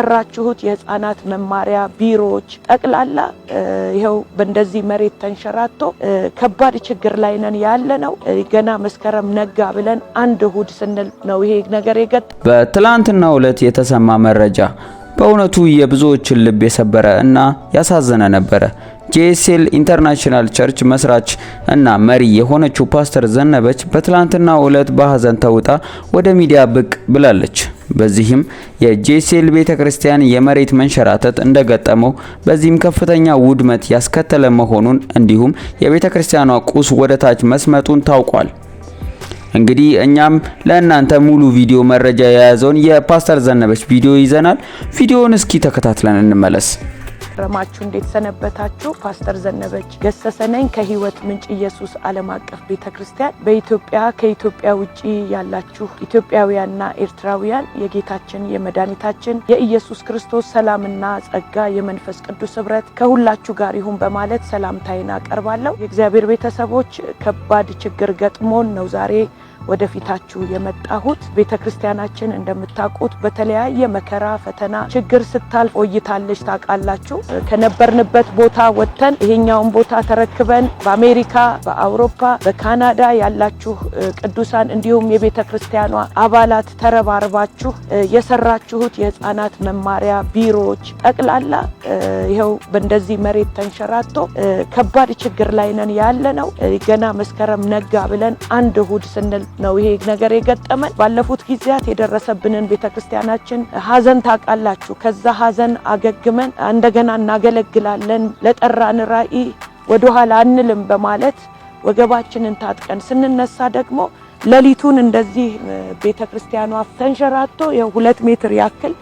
የሰራችሁት የህፃናት መማሪያ ቢሮዎች ጠቅላላ ይኸው በእንደዚህ መሬት ተንሸራቶ ከባድ ችግር ላይ ነን ያለ ነው። ገና መስከረም ነጋ ብለን አንድ እሁድ ስንል ነው ይሄ ነገር የገጠ በትላንትና ዕለት የተሰማ መረጃ በእውነቱ የብዙዎችን ልብ የሰበረ እና ያሳዘነ ነበረ። ጄኤስኤል ኢንተርናሽናል ቸርች መስራች እና መሪ የሆነችው ፓስተር ዘነበች በትላንትናው ዕለት በሀዘን ተውጣ ወደ ሚዲያ ብቅ ብላለች። በዚህም የጄሴል ቤተ ክርስቲያን የመሬት መንሸራተት እንደገጠመው በዚህም ከፍተኛ ውድመት ያስከተለ መሆኑን እንዲሁም የቤተ ክርስቲያኗ ቁስ ወደ ታች መስመጡን ታውቋል። እንግዲህ እኛም ለእናንተ ሙሉ ቪዲዮ መረጃ የያዘውን የፓስተር ዘነበች ቪዲዮ ይዘናል። ቪዲዮውን እስኪ ተከታትለን እንመለስ። እንደምንከረማችሁ እንዴት ሰነበታችሁ? ፓስተር ዘነበች ገሰሰ ነኝ ከህይወት ምንጭ ኢየሱስ ዓለም አቀፍ ቤተ ክርስቲያን። በኢትዮጵያ ከኢትዮጵያ ውጭ ያላችሁ ኢትዮጵያውያንና ኤርትራውያን የጌታችን የመድኃኒታችን የኢየሱስ ክርስቶስ ሰላምና ጸጋ የመንፈስ ቅዱስ ህብረት ከሁላችሁ ጋር ይሁን በማለት ሰላምታይን አቀርባለሁ። የእግዚአብሔር ቤተሰቦች ከባድ ችግር ገጥሞን ነው ዛሬ ወደፊታችሁ የመጣሁት። ቤተ ክርስቲያናችን እንደምታውቁት በተለያየ መከራ፣ ፈተና፣ ችግር ስታልፍ ቆይታለች ታውቃላችሁ። ከነበርንበት ቦታ ወጥተን ይሄኛውን ቦታ ተረክበን በአሜሪካ፣ በአውሮፓ፣ በካናዳ ያላችሁ ቅዱሳን እንዲሁም የቤተ ክርስቲያኗ አባላት ተረባርባችሁ የሰራችሁት የህፃናት መማሪያ ቢሮዎች ጠቅላላ ይኸው በእንደዚህ መሬት ተንሸራቶ ከባድ ችግር ላይ ነን ያለ ነው። ገና መስከረም ነጋ ብለን አንድ እሁድ ስንል ነው ይሄ ነገር የገጠመን። ባለፉት ጊዜያት የደረሰብንን ቤተክርስቲያናችን ሀዘን ታውቃላችሁ። ከዛ ሀዘን አገግመን እንደገና እናገለግላለን ለጠራን ራዕይ ወደኋላ አንልም በማለት ወገባችንን ታጥቀን ስንነሳ ደግሞ ሌሊቱን እንደዚህ ቤተክርስቲያኗ ተንሸራቶ የሁለት ሜትር ያክል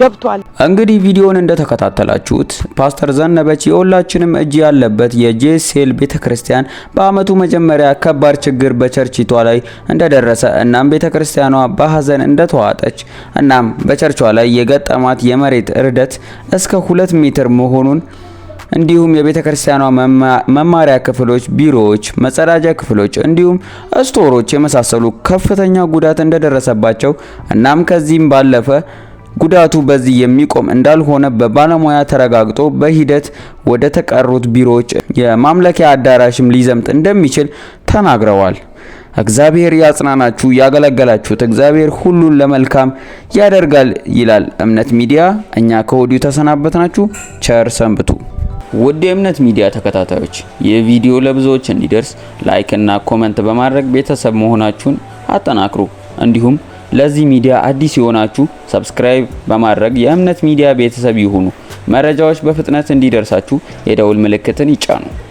ገብቷል። እንግዲህ ቪዲዮን እንደተከታተላችሁት ፓስተር ዘነበች የሁላችንም እጅ ያለበት የጄሴል ቤተክርስቲያን በአመቱ መጀመሪያ ከባድ ችግር በቸርችቷ ላይ እንደደረሰ እናም ቤተክርስቲያኗ በሀዘን እንደተዋጠች እናም በቸርቿ ላይ የገጠማት የመሬት እርደት እስከ ሁለት ሜትር መሆኑን እንዲሁም የቤተ ክርስቲያኗ መማሪያ ክፍሎች፣ ቢሮዎች፣ መጸዳጃ ክፍሎች እንዲሁም ስቶሮች የመሳሰሉ ከፍተኛ ጉዳት እንደደረሰባቸው እናም ከዚህም ባለፈ ጉዳቱ በዚህ የሚቆም እንዳልሆነ በባለሙያ ተረጋግጦ በሂደት ወደ ተቀሩት ቢሮዎች የማምለኪያ አዳራሽም ሊዘምጥ እንደሚችል ተናግረዋል። እግዚአብሔር ያጽናናችሁ፣ ያገለገላችሁት እግዚአብሔር ሁሉን ለመልካም ያደርጋል ይላል እምነት ሚዲያ። እኛ ከወዲሁ ተሰናበትናችሁ። ቸር ሰንብቱ። ውድ የእምነት ሚዲያ ተከታታዮች ይህ ቪዲዮ ለብዙዎች እንዲደርስ ላይክ እና ኮመንት በማድረግ ቤተሰብ መሆናችሁን አጠናክሩ። እንዲሁም ለዚህ ሚዲያ አዲስ የሆናችሁ ሰብስክራይብ በማድረግ የእምነት ሚዲያ ቤተሰብ ይሁኑ። መረጃዎች በፍጥነት እንዲደርሳችሁ የደውል ምልክትን ይጫኑ።